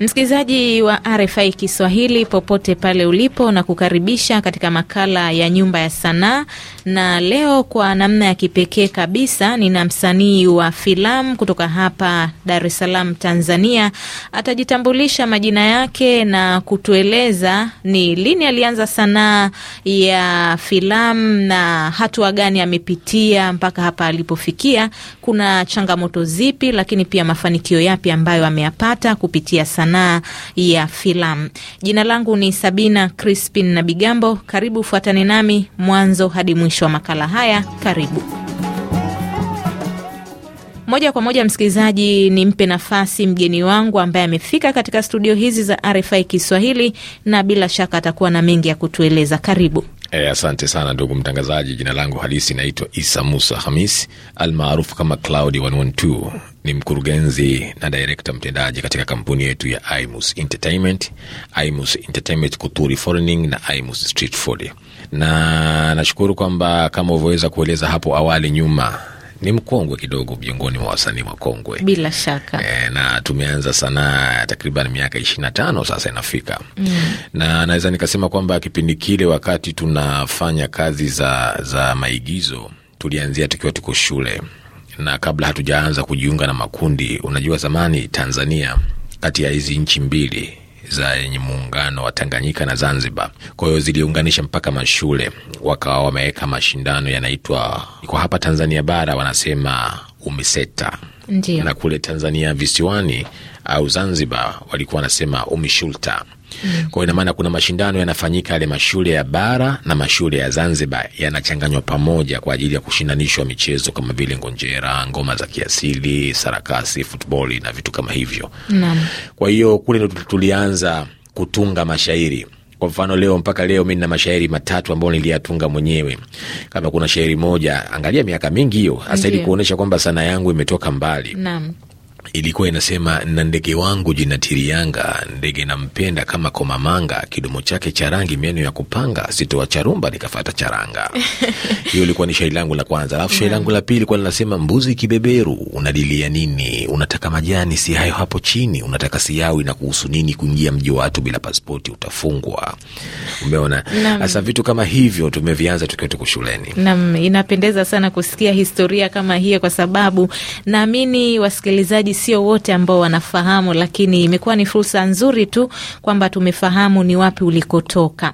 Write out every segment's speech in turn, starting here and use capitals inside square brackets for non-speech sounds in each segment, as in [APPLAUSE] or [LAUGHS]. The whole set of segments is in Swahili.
Msikilizaji wa RFI Kiswahili popote pale ulipo, na kukaribisha katika makala ya Nyumba ya Sanaa. Na leo kwa namna ya kipekee kabisa, nina msanii wa filamu kutoka hapa Dar es Salaam, Tanzania. Atajitambulisha majina yake na kutueleza ni lini alianza sanaa ya filamu na hatua gani amepitia mpaka hapa alipofikia, kuna changamoto zipi, lakini pia mafanikio yapi ambayo ameyapata kupitia sanaa sanaa ya filamu. Jina langu ni Sabina Crispin na Bigambo. Karibu, fuatane nami mwanzo hadi mwisho wa makala haya. Karibu moja kwa moja, msikilizaji, mpe nafasi mgeni wangu ambaye amefika katika studio hizi za RFI Kiswahili na bila shaka atakuwa na mengi ya kutueleza. Karibu. E, asante sana ndugu mtangazaji. Jina langu halisi naitwa Isa Musa Hamis almaarufu kama Cloud 112. Ni mkurugenzi na direkta mtendaji katika kampuni yetu ya Imus Entertainment, Imus Entertainment Kuturi Forning na Imus Street Food, na nashukuru kwamba kama ulivyoweza kueleza hapo awali nyuma ni mkongwe kidogo miongoni mwa wasanii wakongwe bila shaka e, na tumeanza sanaa takriban miaka ishirini na tano sasa inafika mm. na naweza nikasema kwamba kipindi kile wakati tunafanya kazi za, za maigizo tulianzia tukiwa tuko shule na kabla hatujaanza kujiunga na makundi unajua zamani tanzania kati ya hizi nchi mbili zenye muungano wa Tanganyika na Zanzibar. Kwa hiyo ziliunganisha mpaka mashule, wakawa wameweka mashindano yanaitwa kwa hapa Tanzania bara wanasema UMISETA. Ndiyo. na kule Tanzania visiwani au Zanzibar walikuwa wanasema UMISHULTA. Mm. Kwa hiyo ina maana kuna mashindano yanafanyika yale mashule ya bara na mashule ya Zanzibar yanachanganywa pamoja kwa ajili ya kushindanishwa michezo kama vile ngonjera, ngoma za kiasili, sarakasi, futboli na vitu kama hivyo. Naam. Kwa hiyo kule ndo tulianza kutunga mashairi. Kwa mfano leo, mpaka leo mi nina mashairi matatu ambayo niliyatunga mwenyewe. Kama kuna shairi moja, angalia miaka mingi hiyo hasa, ili kuonyesha kwamba sanaa yangu imetoka mbali. Naam ilikuwa inasema, na ndege wangu jina Tirianga, ndege nampenda kama komamanga, kidomo chake cha rangi, meno ya kupanga, sitoa charumba nikafata charanga. [LAUGHS] Hiyo ilikuwa ni shairi langu la kwanza, alafu shairi langu la pili ilikuwa linasema, mbuzi kibeberu, unadilia nini? Unataka majani si hayo hapo chini, unataka siawi na kuhusu nini? Kuingia mji wa watu bila paspoti utafungwa. Umeona hasa vitu kama hivyo tumevianza tukiwa tuko shuleni. Naam, inapendeza sana kusikia historia kama hiyo, kwa sababu naamini wasikilizaji sio wote ambao wanafahamu, lakini imekuwa ni fursa nzuri tu kwamba tumefahamu ni wapi ulikotoka.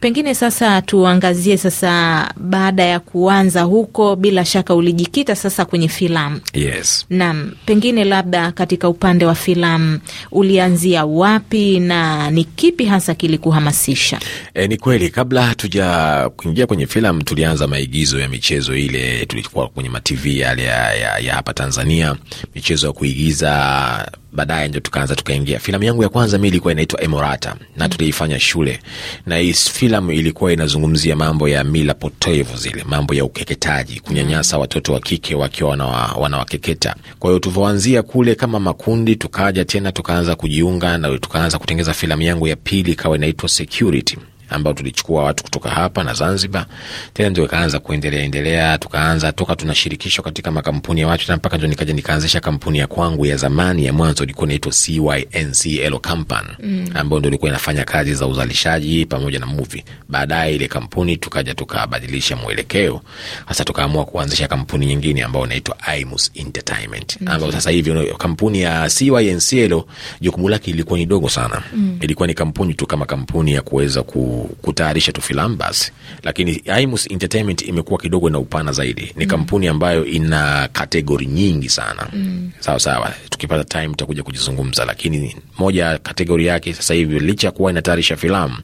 Pengine sasa tuangazie sasa, baada ya kuanza huko, bila shaka ulijikita sasa kwenye filamu. Yes. Naam, pengine labda katika upande wa filamu ulianzia wapi na ni kipi hasa kilikuhamasisha? E, ni kweli kabla hatuja kuingia kwenye filamu tulianza maigizo ya michezo ile, tulikuwa kwenye matv yale ya hapa Tanzania, michezo ya kuigiza kuigiza baadaye ndio tukaanza tukaingia. Filamu yangu ya kwanza mi ilikuwa inaitwa Emorata na tuliifanya shule, na hii filamu ilikuwa inazungumzia mambo ya mila potevu zile mambo ya ukeketaji, kunyanyasa watoto wa kike wakiwa wanawakeketa. Kwa hiyo tulivyoanzia kule kama makundi, tukaja tena tukaanza kujiunga na tukaanza kutengeza filamu yangu ya pili ikawa inaitwa Security ambao tulichukua watu kutoka hapa na Zanzibar, tena ndio ikaanza kuendelea endelea, tukaanza toka tunashirikishwa katika makampuni ya watu, mpaka ndio nikaja nikaanzisha kampuni ya kwangu ya zamani ya mwanzo, ilikuwa inaitwa CYNCL Company mm, ambayo ndio ilikuwa inafanya kazi za uzalishaji pamoja na movie. Baadaye ile kampuni tukaja tukabadilisha mwelekeo, hasa tukaamua kuanzisha kampuni nyingine ambayo inaitwa Imus Entertainment, mm. ambayo sasa hivi kampuni ya CYNCL jukumu lake ilikuwa ni dogo sana mm, ilikuwa ni kampuni tu kama kampuni ya kuweza ku kutayarisha tu filamu basi, lakini Imus Entertainment imekuwa kidogo na upana zaidi. Ni mm. kampuni ambayo ina kategori nyingi sana mm. Sawa sawa, tukipata time tutakuja kujizungumza, lakini moja ya kategori yake sasa hivi licha ya kuwa inatayarisha filamu,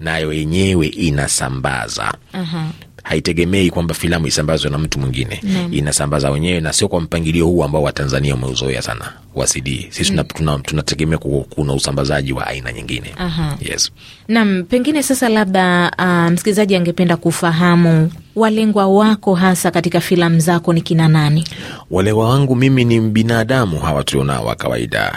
nayo yenyewe inasambaza uh -huh haitegemei kwamba filamu isambazwe na mtu mwingine mm. Inasambaza wenyewe na sio kwa mpangilio huu ambao Watanzania wameuzoea sana wa CD. Sisi mm. tunategemea kuna usambazaji wa aina nyingine. Yes. nam pengine sasa labda uh, msikilizaji angependa kufahamu walengwa wako hasa katika filamu zako ni kina nani? Walengwa wangu mimi ni binadamu hawa tulionao wa kawaida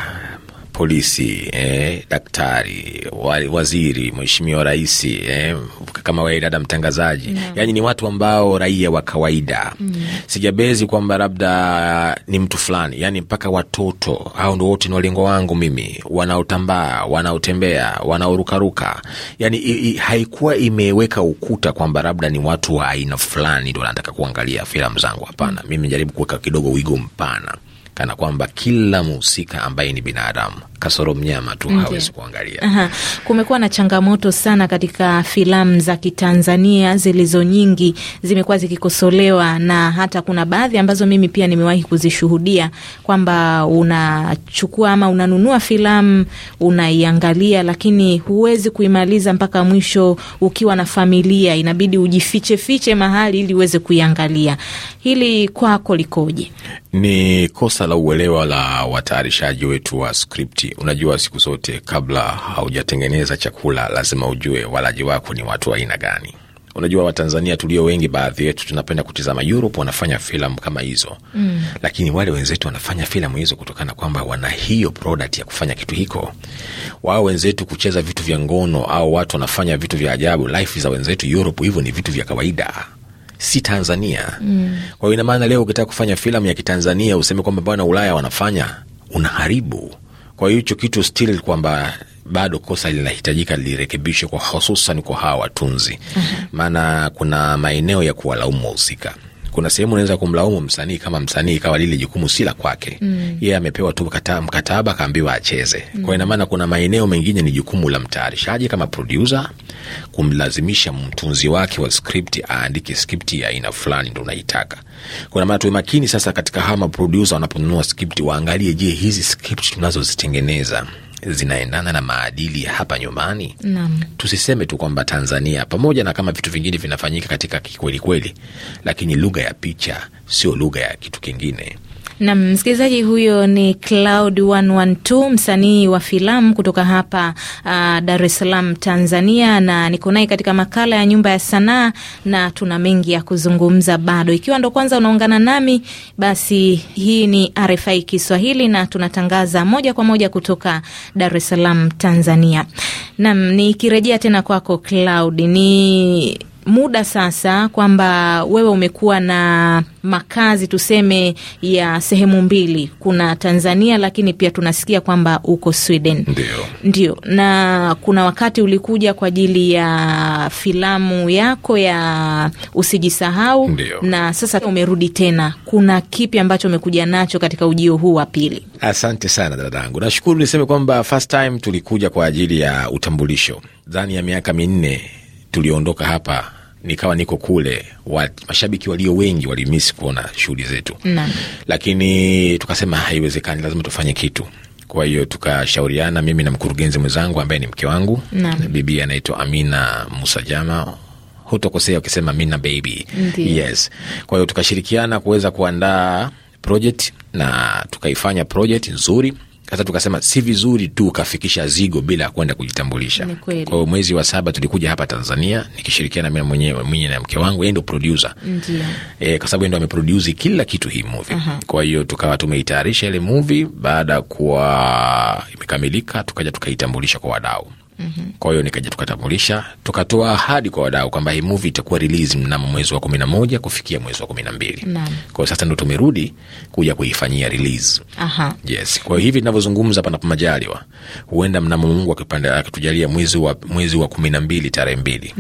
polisi eh, daktari, waziri, mheshimiwa rais eh, kama wewe mtangazaji no. Mm. Yani ni watu ambao raia wa kawaida mm. Sijabezi kwamba labda ni mtu fulani, yani mpaka watoto au ndo wote ni walengo wangu mimi, wanaotambaa, wanaotembea, wanaorukaruka, yani i, i, haikuwa imeweka ukuta kwamba labda ni watu wa aina fulani ndo nataka kuangalia filamu zangu. Hapana, mm. mimi jaribu kuweka kidogo wigo mpana kana kwamba kila mhusika ambaye ni binadamu kasoro mnyama tu hawezi kuangalia. Aha. Kumekuwa na changamoto sana katika filamu za Kitanzania zilizo nyingi zimekuwa zikikosolewa, na hata kuna baadhi ambazo mimi pia nimewahi kuzishuhudia kwamba unachukua ama unanunua filamu unaiangalia, lakini huwezi kuimaliza mpaka mwisho. Ukiwa na familia, inabidi ujifichefiche mahali ili uweze kuiangalia. Hili kwako likoje? ni kosa la uelewa la watayarishaji wetu wa skripti. Unajua, siku zote kabla haujatengeneza chakula lazima ujue walaji wako ni watu wa aina gani. Unajua, Watanzania tulio wengi, baadhi yetu tunapenda kutizama Europe wanafanya filamu kama hizo mm. Lakini wale wenzetu wanafanya filamu hizo kutokana kwamba wana hiyo product ya kufanya kitu hiko. Wao wenzetu kucheza vitu vya ngono au watu wanafanya vitu vya ajabu, life za wenzetu Europe hivyo ni vitu vya kawaida si Tanzania. Mm. Kwa hiyo leo ukitaka kufanya filamu ya Kitanzania useme kwamba bwana Ulaya wanafanya, unaharibu. Kwa hiyo hicho kitu still kwamba bado kosa linahitajika lirekebishwe, kwa hususan kwa hawa watunzi, maana kuna maeneo ya kuwalaumu wahusika kuna sehemu unaweza kumlaumu msanii kama msanii kawa lile jukumu si la kwake mm. yeye amepewa tu mkataba akaambiwa acheze mm. kwa inamaana kuna maeneo mengine ni jukumu la mtayarishaji kama produsa kumlazimisha mtunzi wake wa sript aandike skripti ya aina fulani ndo unaitaka kuna maana tuwe makini sasa katika hama produsa wanaponunua skripti waangalie je hizi skripti tunazozitengeneza zinaendana na maadili hapa nyumbani. Tusiseme tu kwamba Tanzania, pamoja na kama vitu vingine vinafanyika katika kikwelikweli, lakini lugha ya picha sio lugha ya kitu kingine. Na msikilizaji huyo ni Cloud 112 msanii wa filamu kutoka hapa uh, Dar es Salaam Tanzania, na niko naye katika makala ya nyumba ya sanaa na tuna mengi ya kuzungumza bado. Ikiwa ndo kwanza unaungana nami, basi hii ni RFI Kiswahili na tunatangaza moja kwa moja kutoka Dar es Salaam Tanzania. Nam, nikirejea tena kwako Cloud, ni muda sasa kwamba wewe umekuwa na makazi tuseme ya sehemu mbili, kuna Tanzania lakini pia tunasikia kwamba uko Sweden. ndio na kuna wakati ulikuja kwa ajili ya filamu yako ya Usijisahau. Ndiyo. Na sasa umerudi tena, kuna kipi ambacho umekuja nacho katika ujio huu wa pili? Asante sana dadangu, nashukuru. Niseme kwamba first time tulikuja kwa ajili ya utambulisho, ndani ya miaka minne tuliondoka hapa nikawa niko kule wa, mashabiki walio wengi walimisi kuona shughuli zetu na, lakini tukasema haiwezekani, lazima tufanye kitu. Kwa hiyo tukashauriana, mimi na mkurugenzi mwenzangu ambaye ni mke wangu bibi anaitwa Amina Musa Jama hutokosea ukisema mina baby. Yes. Kwa hiyo tukashirikiana kuweza kuandaa project na tukaifanya project nzuri hata tukasema si vizuri tu ukafikisha zigo bila ya kwenda kujitambulisha. Kwa hiyo mwezi wa saba tulikuja hapa Tanzania nikishirikiana mimi mwenyewe mwinye na mke wangu, yeye ndo producer e, kwa sababu yeye ndo ameproduce kila kitu hii movie uh -huh. Kwa hiyo tukawa tumeitayarisha ile movie, baada ya kuwa imekamilika, tukaja tukaitambulisha kwa wadau. Mm -hmm. Kwa hiyo nikaja tukatambulisha, tukatoa ahadi kwa wadau kwamba hii movie itakuwa release mnamo mwezi wa kumi na moja kufikia mwezi wa kumi na mbili. Kwa hiyo sasa ndo tumerudi kuja kuifanyia release. Aha. Yes. Kwa hiyo hivi tunavyozungumza, panapo majaliwa, huenda mnamo Mungu akipanda akitujalia mwezi wa mwezi wa kumi na mbili tarehe mbili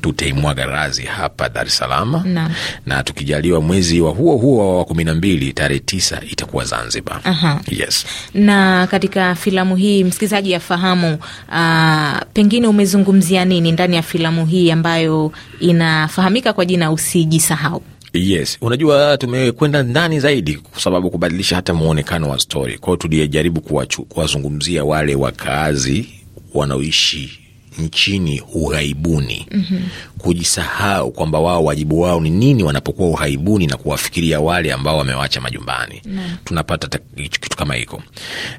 tutaimwaga razi hapa Dar es Salaam, na tukijaliwa mwezi wa huo huo wa kumi na mbili tarehe tisa itakuwa Zanzibar. Aha. Yes. Na katika filamu hii msikilizaji afahamu uh, pengine umezungumzia nini ndani ya filamu hii ambayo inafahamika kwa jina Usijisahau? Yes, unajua tumekwenda ndani zaidi kwa sababu kubadilisha hata mwonekano wa stori. kwao. tulijaribu kuwazungumzia wale wakaazi wanaoishi nchini ughaibuni mm-hmm. Kujisahau kwamba wao wajibu wao ni nini wanapokuwa ughaibuni na kuwafikiria wale ambao wamewacha majumbani no. Tunapata kitu kama hiko,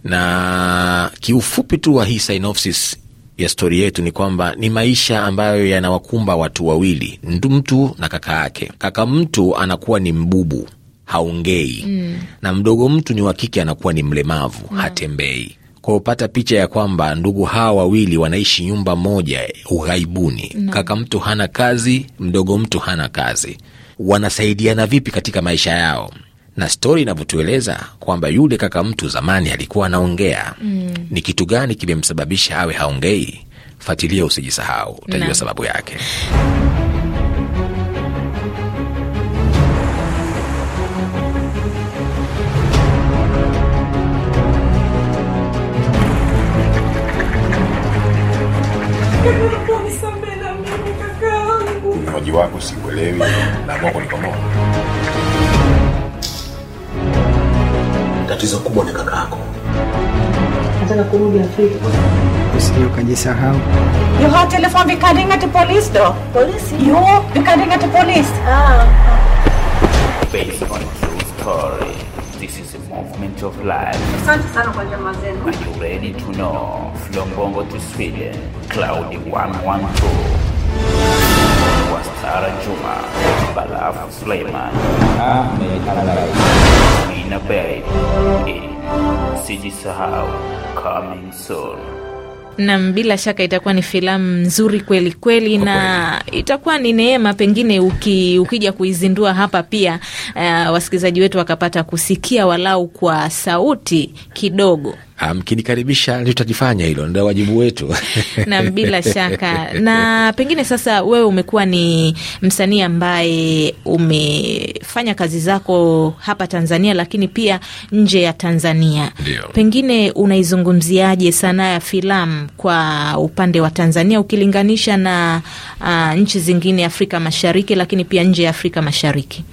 na kiufupi tu wa hii synopsis ya stori yetu ni kwamba ni maisha ambayo yanawakumba watu wawili, mtu na kaka yake. Kaka mtu anakuwa ni mbubu, haongei mm. na mdogo mtu ni wa kike, anakuwa ni mlemavu mm. hatembei kwa upata picha ya kwamba ndugu hawa wawili wanaishi nyumba moja ughaibuni mm. Kaka mtu hana kazi, mdogo mtu hana kazi, wanasaidiana vipi katika maisha yao? na stori inavyotueleza kwamba yule kaka mtu zamani alikuwa anaongea mm. Ni kitu gani kimemsababisha awe haongei? Fuatilia usijisahau, utajua sababu yake. Uoji wako sikuelewi, naamua kunikomoa tatizo kubwa ni kaka yako. Nataka kurudi Afrika. Usije ukajisahau. You have telephone we can ring at the police though. Police? You we can ring at the police. Ah. ah. Based on true story. This is a movement of life. Asante sana kwa jamaa zenu. Are you ready to know? From Bongo to Sweden, Cloudy 112. Wastara Juma, Balaf Suleiman. Ahmed Alalai, na Bay. E, sijisahau coming soon. Nam, bila shaka itakuwa ni filamu nzuri kweli kweli, na itakuwa ni neema pengine uki, ukija kuizindua hapa pia, uh, wasikilizaji wetu wakapata kusikia walau kwa sauti kidogo Ah, mkinikaribisha tutalifanya hilo, ndio wajibu wetu [LAUGHS] nam bila shaka. Na pengine sasa, wewe umekuwa ni msanii ambaye umefanya kazi zako hapa Tanzania, lakini pia nje ya Tanzania. Ndiyo. Pengine unaizungumziaje sanaa ya filamu kwa upande wa Tanzania ukilinganisha na uh, nchi zingine Afrika Mashariki, lakini pia nje ya Afrika Mashariki?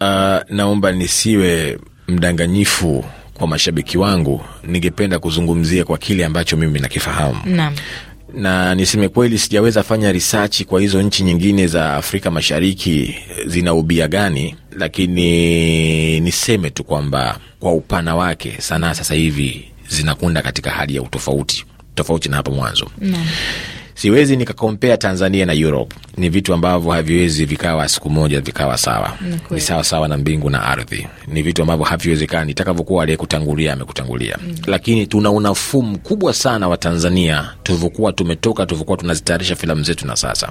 Uh, naomba nisiwe mdanganyifu kwa mashabiki wangu, ningependa kuzungumzia kwa kile ambacho mimi nakifahamu na, na niseme kweli sijaweza fanya risachi kwa hizo nchi nyingine za Afrika Mashariki zina ubia gani, lakini niseme tu kwamba kwa upana wake sanaa sasa hivi zinakunda katika hali ya utofauti tofauti na hapo mwanzo na siwezi nikakompea Tanzania na Europe. Ni vitu ambavyo haviwezi vikawa siku moja vikawa sawa, ni sawa sawa na mbingu na ardhi. Ni vitu ambavyo haviwezekani, takavyokuwa aliyekutangulia amekutangulia. mm Lakini tuna unafuu mkubwa sana wa Tanzania tulivyokuwa tumetoka, tulivyokuwa tunazitayarisha filamu zetu na sasa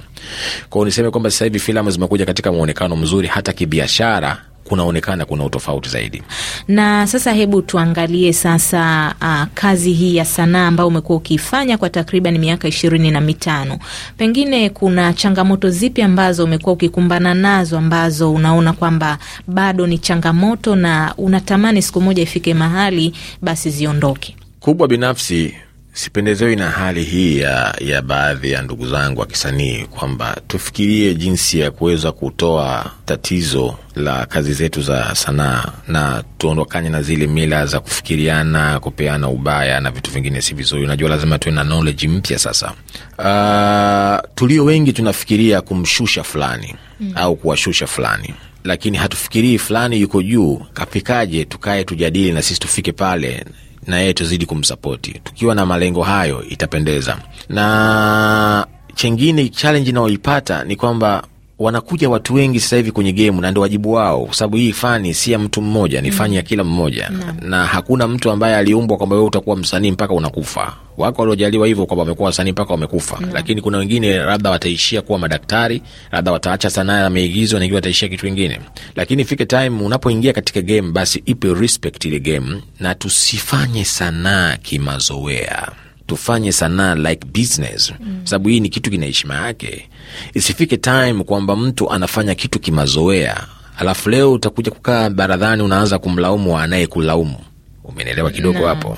kwao. Niseme kwamba sasa hivi filamu zimekuja katika mwonekano mzuri, hata kibiashara kunaonekana kuna utofauti zaidi. Na sasa hebu tuangalie sasa, uh, kazi hii ya sanaa ambayo umekuwa ukiifanya kwa takriban miaka ishirini na mitano, pengine kuna changamoto zipi ambazo umekuwa ukikumbana nazo ambazo unaona kwamba bado ni changamoto na unatamani siku moja ifike mahali basi ziondoke? Kubwa binafsi sipendezewi na hali hii ya, ya baadhi ya ndugu zangu wa kisanii kwamba tufikirie jinsi ya kuweza kutoa tatizo la kazi zetu za sanaa na tuondokane na zile mila za kufikiriana, kupeana ubaya na vitu vingine si vizuri. Unajua, lazima tuwe na knowledge mpya. Sasa uh, tulio wengi tunafikiria kumshusha fulani mm, au kuwashusha fulani lakini hatufikirii fulani yuko juu kapikaje, tukae tujadili na sisi tufike pale na yeye tuzidi kumsapoti. Tukiwa na malengo hayo itapendeza. Na chengine challenge inayoipata ni kwamba wanakuja watu wengi sasa hivi kwenye gemu na ndio wajibu wao, kwa sababu hii fani si ya mtu mmoja, ni mm. fani ya kila mmoja na, na hakuna mtu ambaye aliumbwa kwamba wewe utakuwa msanii mpaka unakufa. Wako waliojaliwa hivyo kwamba wamekuwa wasanii mpaka wamekufa, lakini kuna wengine labda wataishia kuwa madaktari, labda wataacha sanaa ya maigizo, wengine wataishia kitu kingine. Lakini fike time unapoingia katika game, basi ipe respect ile game na tusifanye sanaa kimazoea tufanye sanaa like business mm. Sababu hii ni kitu kina heshima yake. Isifike time kwamba mtu anafanya kitu kimazoea, alafu leo utakuja kukaa baradhani unaanza kumlaumu anayekulaumu. umenelewa kidogo hapo?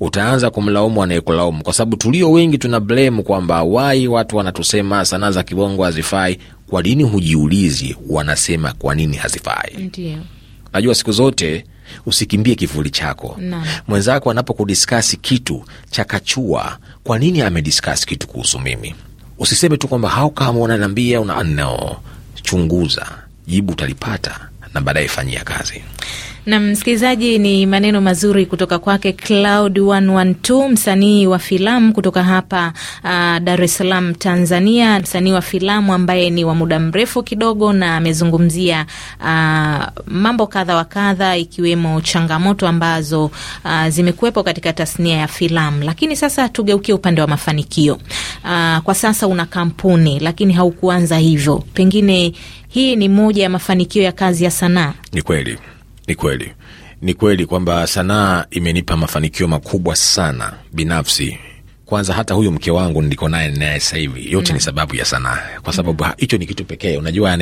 Utaanza kumlaumu anayekulaumu, kwa sababu tulio wengi tuna blame kwamba wai watu wanatusema sanaa za kibongo hazifai. Kwa nini hujiulizi wanasema kwa nini hazifai? Ndiyo. Najua siku zote usikimbie kivuli chako na. Mwenzako anapokudiskasi kitu chakachua, kwa nini amediskasi kitu kuhusu mimi? Usiseme tu kwamba hau kama unaniambia una no. Chunguza, jibu utalipata na baadaye fanyia kazi. Na msikilizaji, ni maneno mazuri kutoka kwake Cloud 112 msanii wa filamu kutoka hapa uh, Dar es Salaam Tanzania, msanii wa filamu ambaye ni wa muda mrefu kidogo, na amezungumzia uh, mambo kadha wa kadha, ikiwemo changamoto ambazo uh, zimekuwepo katika tasnia ya filamu. Lakini sasa tugeukie upande wa mafanikio. Uh, kwa sasa una kampuni lakini haukuanza hivyo, pengine hii ni moja ya mafanikio ya kazi ya sanaa. Ni kweli. Ni kweli, ni kweli kwamba sanaa imenipa mafanikio makubwa sana binafsi kwanza hata huyu mke wangu niliko naye naye sasa hivi yote mm. ni sababu ya sanaa, kwa mm. sababu hicho mm. ni kitu pekee unajua,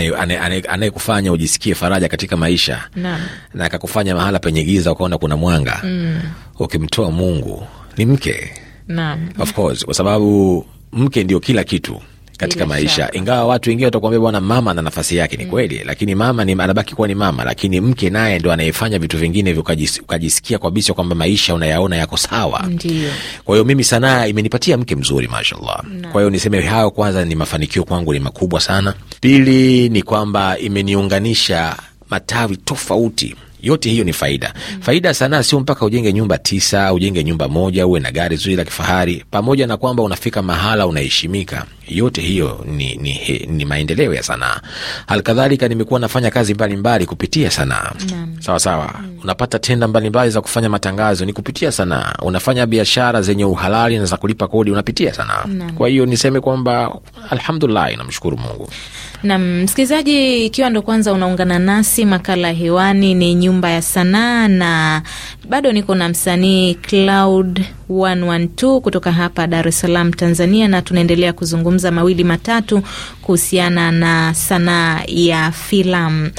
anayekufanya ujisikie faraja katika maisha na, na akakufanya mahala penye giza ukaona kuna mwanga mm. ukimtoa Mungu ni mke na, of course, kwa sababu mke ndio kila kitu katika Bila maisha shaka. Ingawa watu wengine watakuambia bwana, mama ana nafasi yake, ni mm. kweli, lakini mama ni, anabaki kuwa ni mama, lakini mke naye ndo anayefanya vitu vingine hivyo, ukajisikia kabisa kwamba maisha unayaona yako sawa. Ndiyo. Kwa hiyo mimi sanaa imenipatia mke mzuri mashallah. Kwa hiyo niseme hayo kwanza, ni mafanikio kwangu ni makubwa sana. Pili ni kwamba imeniunganisha matawi tofauti yote hiyo ni faida. Mm. Faida ya sanaa sio mpaka ujenge nyumba tisa, ujenge nyumba moja, uwe na gari zuri la kifahari, pamoja na kwamba unafika mahala unaheshimika, yote hiyo ni, ni, ni maendeleo ya sanaa. Halikadhalika nimekuwa nafanya kazi mbalimbali mbali kupitia sanaa sawa sawa. Mm. Unapata tenda mbalimbali za kufanya matangazo ni kupitia sanaa. Unafanya biashara zenye uhalali na za kulipa kodi unapitia sanaa. Kwa hiyo niseme kwamba alhamdulillah, namshukuru Mungu. Na msikilizaji, ikiwa ndo kwanza unaungana nasi, makala hewani ni nyumba ya sanaa, na bado niko na msanii Cloud 112 kutoka hapa Dar es Salaam, Tanzania, na tunaendelea kuzungumza mawili matatu kuhusiana na sanaa ya filamu.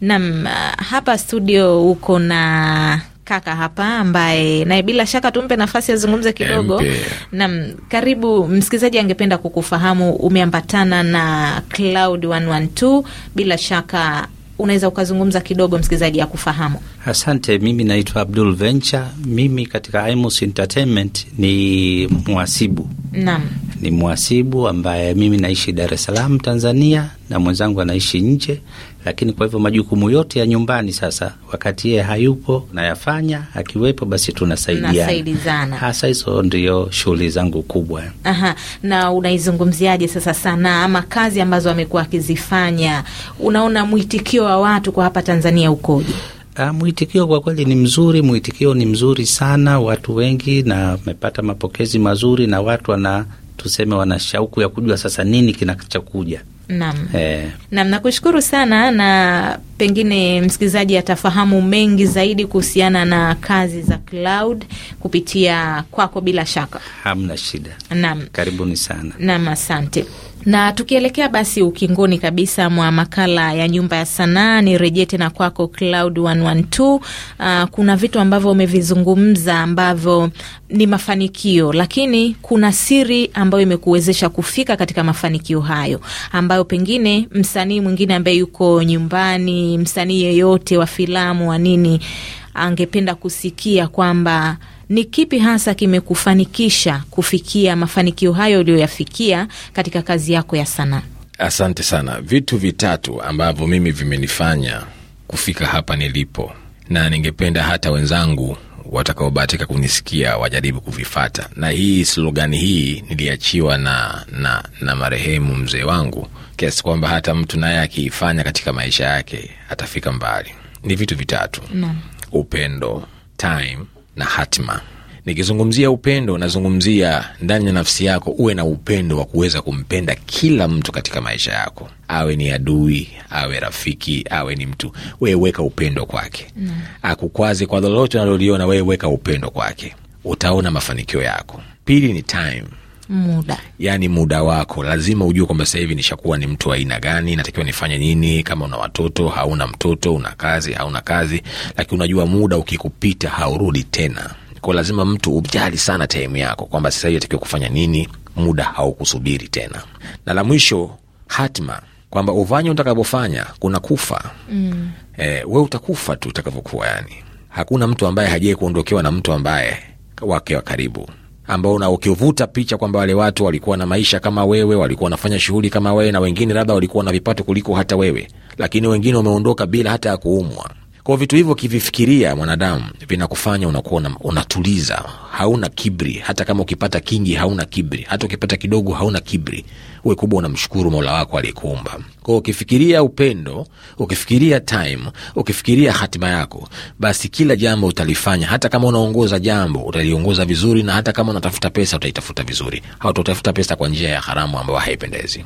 nam uh, hapa studio uko na kaka hapa ambaye naye bila shaka tumpe nafasi azungumze kidogo. nam karibu. Msikilizaji angependa kukufahamu, umeambatana na Cloud 112 bila shaka unaweza ukazungumza kidogo msikilizaji kufahamu. Asante, mimi naitwa Abdul Venture. Mimi katika Imus Entertainment ni mwasibu. Naam, ni mwasibu ambaye mimi naishi Dar es Salaam, Tanzania na mwenzangu anaishi nje lakini kwa hivyo majukumu yote ya nyumbani sasa, wakati yeye hayupo nayafanya, akiwepo basi tunasaidiana. Hasa hizo ndio shughuli zangu kubwa. Aha, na unaizungumziaje sasa sanaa ama kazi ambazo amekuwa akizifanya? Unaona mwitikio wa watu kwa hapa Tanzania ukoje? Uh, mwitikio kwa kweli ni mzuri, mwitikio ni mzuri sana, watu wengi na amepata mapokezi mazuri, na watu wana tuseme, wana shauku ya kujua sasa nini kinachokuja Naam, eh. Naam, nakushukuru sana, na pengine msikilizaji atafahamu mengi zaidi kuhusiana na kazi za cloud kupitia kwako, bila shaka. Hamna shida. Naam, karibuni sana. Naam, asante na tukielekea basi ukingoni kabisa mwa makala ya nyumba ya sanaa, nirejee tena kwako Cloud 112. Uh, ah, kuna vitu ambavyo umevizungumza ambavyo ni mafanikio, lakini kuna siri ambayo imekuwezesha kufika katika mafanikio hayo amba ambayo pengine msanii mwingine ambaye yuko nyumbani, msanii yeyote wa filamu wa nini, angependa kusikia kwamba ni kipi hasa kimekufanikisha kufikia mafanikio hayo uliyoyafikia katika kazi yako ya sanaa? Asante sana. Vitu vitatu ambavyo mimi vimenifanya kufika hapa nilipo, na ningependa hata wenzangu watakaobahatika kunisikia wajaribu kuvifata. Na hii slogani hii niliachiwa na, na, na marehemu mzee wangu, kiasi kwamba hata mtu naye akiifanya katika maisha yake atafika mbali. Ni vitu vitatu no. Upendo, time na hatima. Nikizungumzia upendo, nazungumzia ndani ya nafsi yako, uwe na upendo wa kuweza kumpenda kila mtu katika maisha yako, awe ni adui, awe rafiki, awe ni mtu, wewe weka upendo kwake mm. Akukwaze kwa lolote unaloliona, wewe weka upendo kwake, utaona mafanikio yako. Pili ni time muda yani, muda wako lazima ujue kwamba sasa hivi nishakuwa ni mtu wa aina gani, natakiwa nifanye nini. Kama una watoto, hauna mtoto, una kazi, hauna kazi, lakini unajua muda ukikupita haurudi tena kwa lazima mtu ujali sana time yako kwamba sasa hivi atakiwa kufanya nini, muda haukusubiri tena. Na la mwisho hatima, kwamba ufanye utakavyofanya, kuna kufa mm. E, we utakufa tu utakavyokuwa, yani hakuna mtu ambaye hajai kuondokewa na mtu ambaye wake wa karibu ambao na ukivuta picha kwamba wale watu walikuwa na maisha kama wewe, walikuwa wanafanya shughuli kama wewe, na wengine labda walikuwa na vipato kuliko hata wewe, lakini wengine wameondoka bila hata ya kuumwa. Kwa vitu hivyo ukivifikiria, mwanadamu vinakufanya unakuwa unatuliza, hauna kibri. Hata kama ukipata kingi hauna kibri, hata ukipata kidogo hauna kibri uwe kubwa unamshukuru Mola wako aliyekuumba. Kwa ukifikiria upendo, ukifikiria time, ukifikiria hatima yako, basi kila jambo utalifanya. Hata kama unaongoza jambo utaliongoza vizuri, na hata kama unatafuta pesa utaitafuta vizuri, hautatafuta pesa kwa njia ya haramu ambayo haipendezi.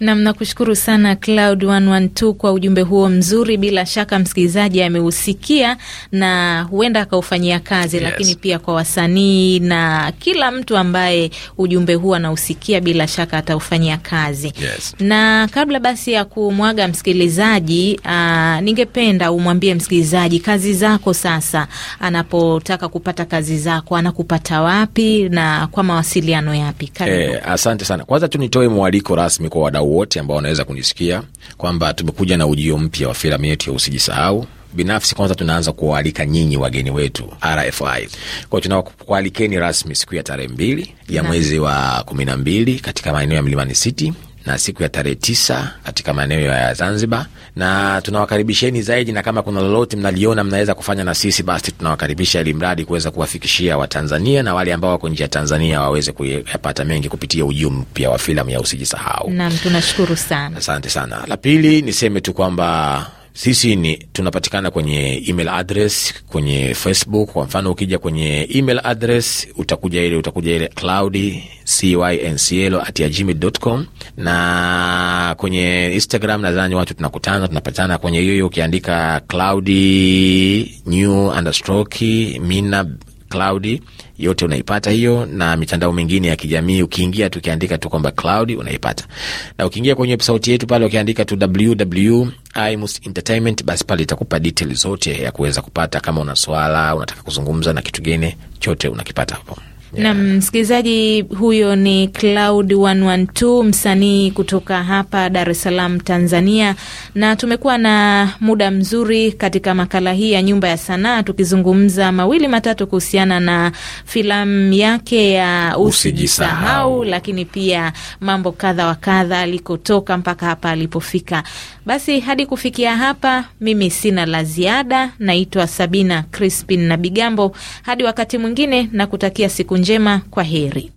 Nam, nakushukuru sana Cloud 112 kwa ujumbe huo mzuri. Bila shaka msikilizaji ameusikia na huenda akaufanyia kazi yes. Lakini pia kwa wasanii na kila mtu ambaye ujumbe huo anausikia, bila shaka ataufanyia kufanyia kazi yes. Na kabla basi ya kumwaga msikilizaji, uh, ningependa umwambie msikilizaji kazi zako sasa, anapotaka kupata kazi zako anakupata wapi na kwa mawasiliano yapi? Eh, asante sana. Kwanza tu nitoe mwaliko rasmi kwa wadau wote ambao wanaweza kunisikia kwamba tumekuja na ujio mpya wa filamu yetu ya Usijisahau binafsi kwanza tunaanza kuwaalika nyinyi wageni wetu RFI kwao, tunakualikeni rasmi siku ya tarehe mbili ya mwezi wa kumi na mbili katika maeneo ya Mlimani City na siku ya tarehe tisa katika maeneo ya Zanzibar, na tunawakaribisheni zaidi, na kama kuna lolote mnaliona mnaweza kufanya na sisi, basi tunawakaribisha ili mradi kuweza kuwafikishia Watanzania na wale ambao wako nje ya Tanzania waweze kuyapata mengi kupitia ujumu pia wa filamu ya Usijisahau. Naam, tunashukuru sana, asante sana. La pili niseme tu kwamba sisi ni tunapatikana kwenye email address, kwenye Facebook. Kwa mfano, ukija kwenye email address utakuja ile utakuja ile cloud cyncl at gmail.com, na kwenye Instagram nadhani watu tunakutana, tunapatana kwenye hiyo hiyo, ukiandika cloud new understroke mina cloud yote unaipata hiyo, na mitandao mingine ya kijamii ukiingia tu ukiandika tu kwamba cloud unaipata, na ukiingia kwenye website yetu pale ukiandika tu www imus entertainment, basi pale itakupa details zote ya kuweza kupata, kama una swala unataka kuzungumza na kitu gene chote unakipata hapo yeah. Na msikilizaji huyo ni Cloud 112 msanii kutoka hapa Dar es Salaam Tanzania, na tumekuwa na muda mzuri katika makala hii ya Nyumba ya Sanaa tukizungumza mawili matatu kuhusiana na filamu yake ya Usijisahau, lakini pia mambo kadha wa kadha alikotoka mpaka hapa alipofika. Basi hadi kufikia hapa, mimi sina la ziada. Naitwa Sabina Crispin na Bigambo, hadi wakati mwingine, na kutakia siku njema, kwa heri.